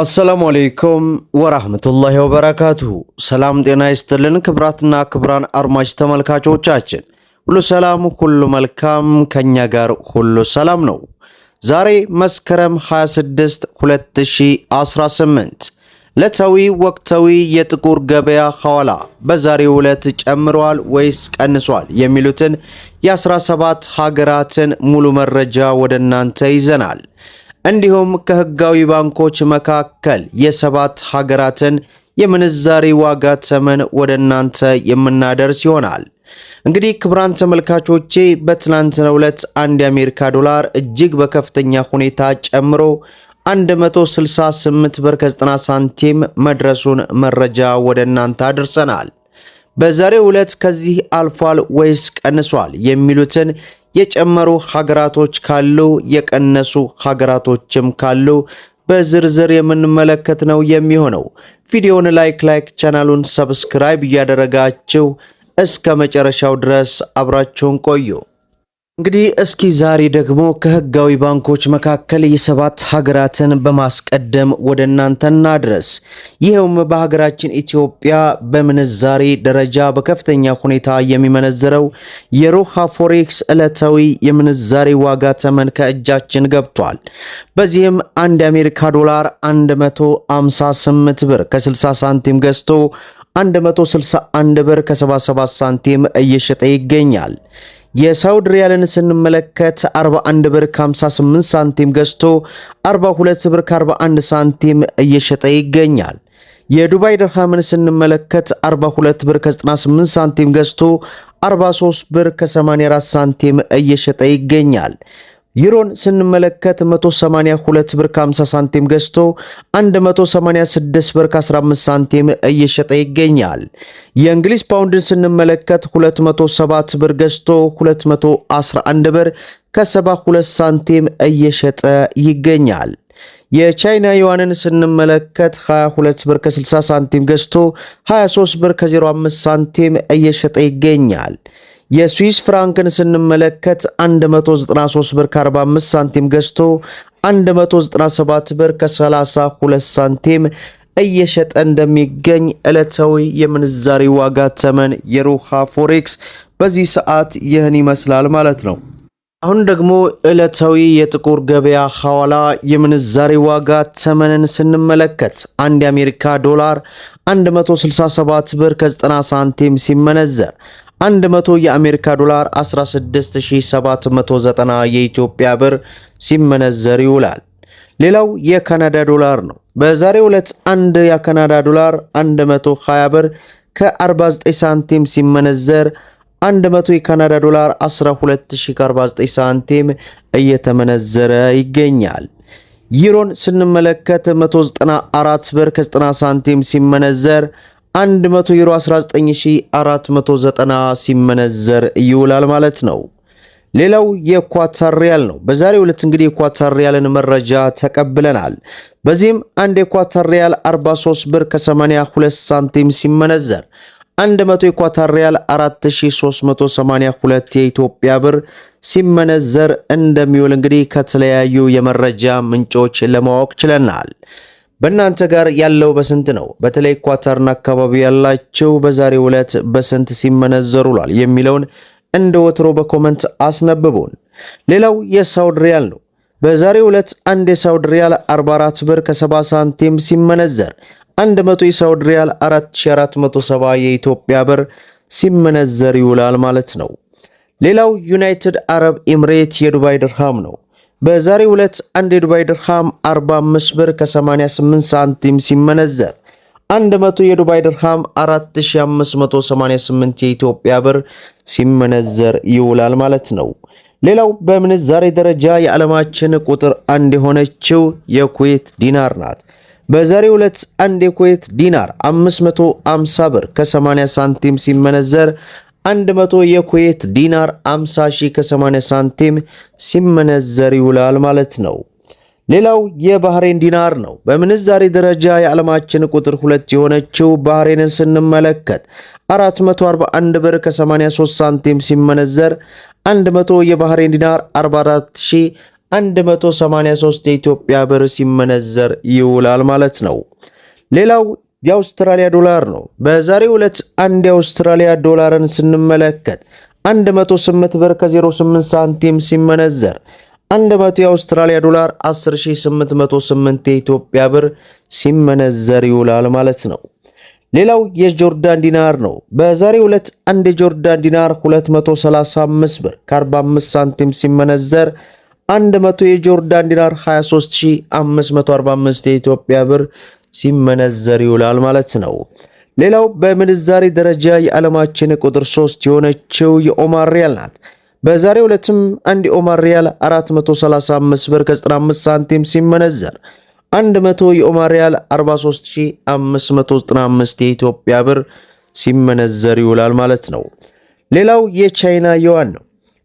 አሰላሙ አሌይኩም ወራህመቱላሂ ወበረካቱሁ። ሰላም ጤና ይስጥልን። ክብራትና ክብራን አድማጭ ተመልካቾቻችን ሁሉ ሰላም፣ ሁሉ መልካም፣ ከኛ ጋር ሁሉ ሰላም ነው። ዛሬ መስከረም 26 2018 ዕለታዊ ወቅታዊ የጥቁር ገበያ ሐዋላ በዛሬው ዕለት ጨምሯል ወይስ ቀንሷል የሚሉትን የ17 ሀገራትን ሙሉ መረጃ ወደ እናንተ ይዘናል። እንዲሁም ከህጋዊ ባንኮች መካከል የሰባት ሀገራትን የምንዛሪ ዋጋ ተመን ወደ እናንተ የምናደርስ ይሆናል። እንግዲህ ክቡራን ተመልካቾቼ በትናንትናው ዕለት አንድ የአሜሪካ ዶላር እጅግ በከፍተኛ ሁኔታ ጨምሮ 168 ብር ከ90 ሳንቲም መድረሱን መረጃ ወደ እናንተ አድርሰናል። በዛሬው ዕለት ከዚህ አልፏል ወይስ ቀንሷል የሚሉትን የጨመሩ ሀገራቶች ካሉ የቀነሱ ሀገራቶችም ካሉ በዝርዝር የምንመለከት ነው የሚሆነው። ቪዲዮውን ላይክ ላይክ ቻናሉን ሰብስክራይብ እያደረጋችሁ እስከ መጨረሻው ድረስ አብራችሁን ቆዩ። እንግዲህ እስኪ ዛሬ ደግሞ ከህጋዊ ባንኮች መካከል የሰባት ሀገራትን በማስቀደም ወደ እናንተ እናድረስ። ይኸውም በሀገራችን ኢትዮጵያ በምንዛሬ ደረጃ በከፍተኛ ሁኔታ የሚመነዝረው የሮሃ ፎሬክስ ዕለታዊ የምንዛሬ ዋጋ ተመን ከእጃችን ገብቷል። በዚህም አንድ የአሜሪካ ዶላር 158 ብር ከ60 ሳንቲም ገዝቶ 161 ብር ከ77 ሳንቲም እየሸጠ ይገኛል። የሳውድ ሪያልን ስንመለከት 41 ብር 58 ሳንቲም ገዝቶ 42 ብር 41 ሳንቲም እየሸጠ ይገኛል። የዱባይ ድርሃምን ስንመለከት 42 ብር 98 ሳንቲም ገዝቶ 43 ብር 84 ሳንቲም እየሸጠ ይገኛል። ዩሮን ስንመለከት 182 ብር 50 ሳንቲም ገዝቶ 186 ብር 15 ሳንቲም እየሸጠ ይገኛል። የእንግሊዝ ፓውንድን ስንመለከት 207 ብር ገዝቶ 211 ብር ከ72 ሳንቲም እየሸጠ ይገኛል። የቻይና ዩዋንን ስንመለከት 22 ብር ከ60 ሳንቲም ገዝቶ 23 ብር ከ05 ሳንቲም እየሸጠ ይገኛል። የስዊስ ፍራንክን ስንመለከት 193 ብር ከ45 ሳንቲም ገዝቶ 197 ብር ከ32 ሳንቲም እየሸጠ እንደሚገኝ ዕለታዊ የምንዛሪ ዋጋ ተመን የሩሃ ፎሬክስ በዚህ ሰዓት ይህን ይመስላል ማለት ነው። አሁን ደግሞ ዕለታዊ የጥቁር ገበያ ሐዋላ የምንዛሪ ዋጋ ተመንን ስንመለከት አንድ የአሜሪካ ዶላር 167 ብር ከ90 ሳንቲም ሲመነዘር 100 የአሜሪካ ዶላር 16790 የኢትዮጵያ ብር ሲመነዘር ይውላል። ሌላው የካናዳ ዶላር ነው። በዛሬው ዕለት አንድ የካናዳ ዶላር 120 ብር ከ49 ሳንቲም ሲመነዘር 100 የካናዳ ዶላር 12049 ሳንቲም እየተመነዘረ ይገኛል። ዩሮን ስንመለከት 194 ብር ከ90 ሳንቲም ሲመነዘር 100 ዩሮ 19490 ሲመነዘር ይውላል ማለት ነው። ሌላው የኳታር ሪያል ነው። በዛሬ ሁለት እንግዲህ የኳታር ሪያልን መረጃ ተቀብለናል። በዚህም አንድ የኳታር ሪያል 43 ብር ከ82 ሳንቲም ሲመነዘር 100 የኳታር ሪያል 4382 የኢትዮጵያ ብር ሲመነዘር እንደሚውል እንግዲህ ከተለያዩ የመረጃ ምንጮች ለማወቅ ችለናል። በእናንተ ጋር ያለው በስንት ነው? በተለይ ኳታርና አካባቢ ያላቸው በዛሬው ዕለት በስንት ሲመነዘሩ ውሏል የሚለውን እንደ ወትሮ በኮመንት አስነብቡን። ሌላው የሳውድ ሪያል ነው። በዛሬው ዕለት አንድ የሳውድ ሪያል 44 ብር ከ70 ሳንቲም ሲመነዘር 100 የሳውድ ሪያል 4470 የኢትዮጵያ ብር ሲመነዘር ይውላል ማለት ነው። ሌላው ዩናይትድ አረብ ኤምሬት የዱባይ ድርሃም ነው። በዛሬ ዕለት አንድ የዱባይ ድርሃም 45 ብር ከ88 ሳንቲም ሲመነዘር 100 የዱባይ ድርሃም 4588 የኢትዮጵያ ብር ሲመነዘር ይውላል ማለት ነው። ሌላው በምንዛሬ ደረጃ የዓለማችን ቁጥር አንድ የሆነችው የኩዌት ዲናር ናት። በዛሬ ዕለት አንድ የኩዌት ዲናር 550 ብር ከ80 ሳንቲም ሲመነዘር 100 የኩዌት ዲናር 50 ሺህ ከ80 ሳንቲም ሲመነዘር ይውላል ማለት ነው። ሌላው የባህሬን ዲናር ነው። በምንዛሬ ደረጃ የዓለማችን ቁጥር ሁለት የሆነችው ባህሬንን ስንመለከት 441 ብር ከ83 ሳንቲም ሲመነዘር 100 የባህሬን ዲናር 44183 የኢትዮጵያ ብር ሲመነዘር ይውላል ማለት ነው። ሌላው የአውስትራሊያ ዶላር ነው። በዛሬ ዕለት አንድ የአውስትራሊያ ዶላርን ስንመለከት 108 ብር ከ08 ሳንቲም ሲመነዘር 100 የአውስትራሊያ ዶላር 10808 የኢትዮጵያ ብር ሲመነዘር ይውላል ማለት ነው። ሌላው የጆርዳን ዲናር ነው። በዛሬ ዕለት አንድ የጆርዳን ዲናር 235 ብር ከ45 ሳንቲም ሲመነዘር 100 የጆርዳን ዲናር 23545 የኢትዮጵያ ብር ሲመነዘር ይውላል ማለት ነው። ሌላው በምንዛሬ ደረጃ የዓለማችን ቁጥር 3 የሆነችው የኦማር ሪያል ናት። በዛሬው ዕለትም አንድ የኦማር ሪያል 435 ብር ከ95 ሳንቲም ሲመነዘር 100 የኦማር ሪያል 43595 የኢትዮጵያ ብር ሲመነዘር ይውላል ማለት ነው። ሌላው የቻይና ዩዋን ነው።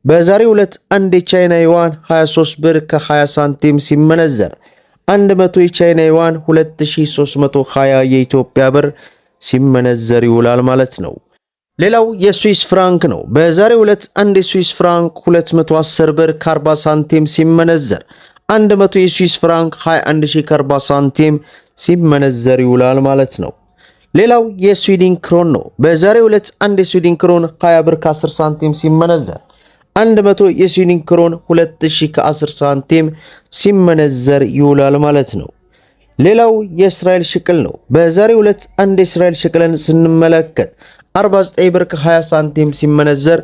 በዛሬው ዕለት አንድ የቻይና ዩዋን 23 ብር ከ20 ሳንቲም ሲመነዘር 100 የቻይና ዩዋን 2320 የኢትዮጵያ ብር ሲመነዘር ይውላል ማለት ነው። ሌላው የስዊስ ፍራንክ ነው። በዛሬው ዕለት አንድ የስዊስ ፍራንክ 210 ብር ከ40 ሳንቲም ሲመነዘር 100 የስዊስ ፍራንክ 21000 ሳንቲም ሲመነዘር ይውላል ማለት ነው። ሌላው የስዊድን ክሮን ነው። በዛሬው ዕለት አንድ የስዊድን ክሮን 20 ብር ከ10 ሳንቲም ሲመነዘር 100 የስዊድን ክሮን 2000 ከ10 ሳንቲም ሲመነዘር ይውላል ማለት ነው። ሌላው የእስራኤል ሽቅል ነው። በዛሬ ሁለት አንድ የእስራኤል ሽቅልን ስንመለከት 49 ብር ከ20 ሳንቲም ሲመነዘር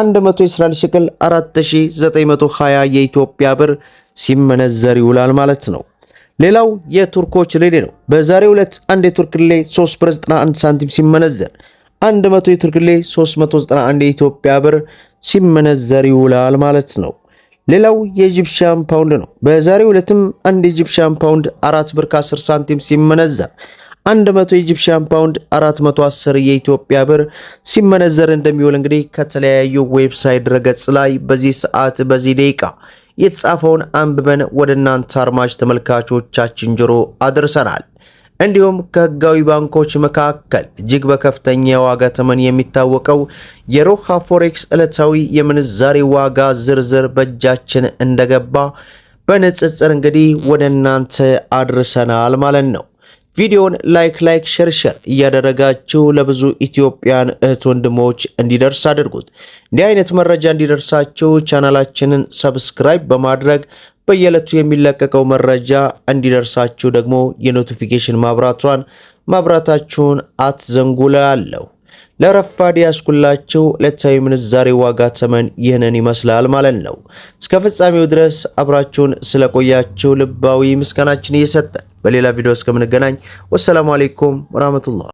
100 የእስራኤል ሽቅል 4920 የኢትዮጵያ ብር ሲመነዘር ይውላል ማለት ነው። ሌላው የቱርኮች ሌሌ ነው። በዛሬ ሁለት አንድ የቱርክ ሌሌ 3 ብር 91 ሳንቲም ሲመነዘር 100 የቱርክ ሌ 391 የኢትዮጵያ ብር ሲመነዘር ይውላል ማለት ነው። ሌላው የኢጂፕሽያን ፓውንድ ነው። በዛሬው ዕለትም አንድ የኢጂፕሽያን ፓውንድ 4 ብር ከ10 ሳንቲም ሲመነዘር 100 የኢጂፕሽያን ፓውንድ 410 የኢትዮጵያ ብር ሲመነዘር እንደሚውል እንግዲህ ከተለያዩ ዌብሳይት ድረገጽ ላይ በዚህ ሰዓት በዚህ ደቂቃ የተጻፈውን አንብበን ወደ እናንተ አድማጭ ተመልካቾቻችን ጆሮ አድርሰናል። እንዲሁም ከህጋዊ ባንኮች መካከል እጅግ በከፍተኛ የዋጋ ተመን የሚታወቀው የሮሃ ፎሬክስ ዕለታዊ የምንዛሬ ዋጋ ዝርዝር በእጃችን እንደገባ በንጽጽር እንግዲህ ወደ እናንተ አድርሰናል ማለት ነው። ቪዲዮውን ላይክ ላይክ ሸር ሸር እያደረጋችሁ ለብዙ ኢትዮጵያን እህት ወንድሞች እንዲደርስ አድርጉት። እንዲህ አይነት መረጃ እንዲደርሳችሁ ቻናላችንን ሰብስክራይብ በማድረግ በየዕለቱ የሚለቀቀው መረጃ እንዲደርሳችሁ ደግሞ የኖቲፊኬሽን ማብራቷን ማብራታችሁን ዘንጉለ እላለሁ። ለረፋድ ያስኩላችሁ ዕለታዊ ምንዛሬ ዋጋ ተመን ይህንን ይመስላል ማለት ነው። እስከ ፍጻሜው ድረስ አብራችሁን ስለቆያችሁ ልባዊ ምስጋናችን እየሰጠን በሌላ ቪዲዮ እስከምንገናኝ ወሰላሙ አሌይኩም ወራህመቱላህ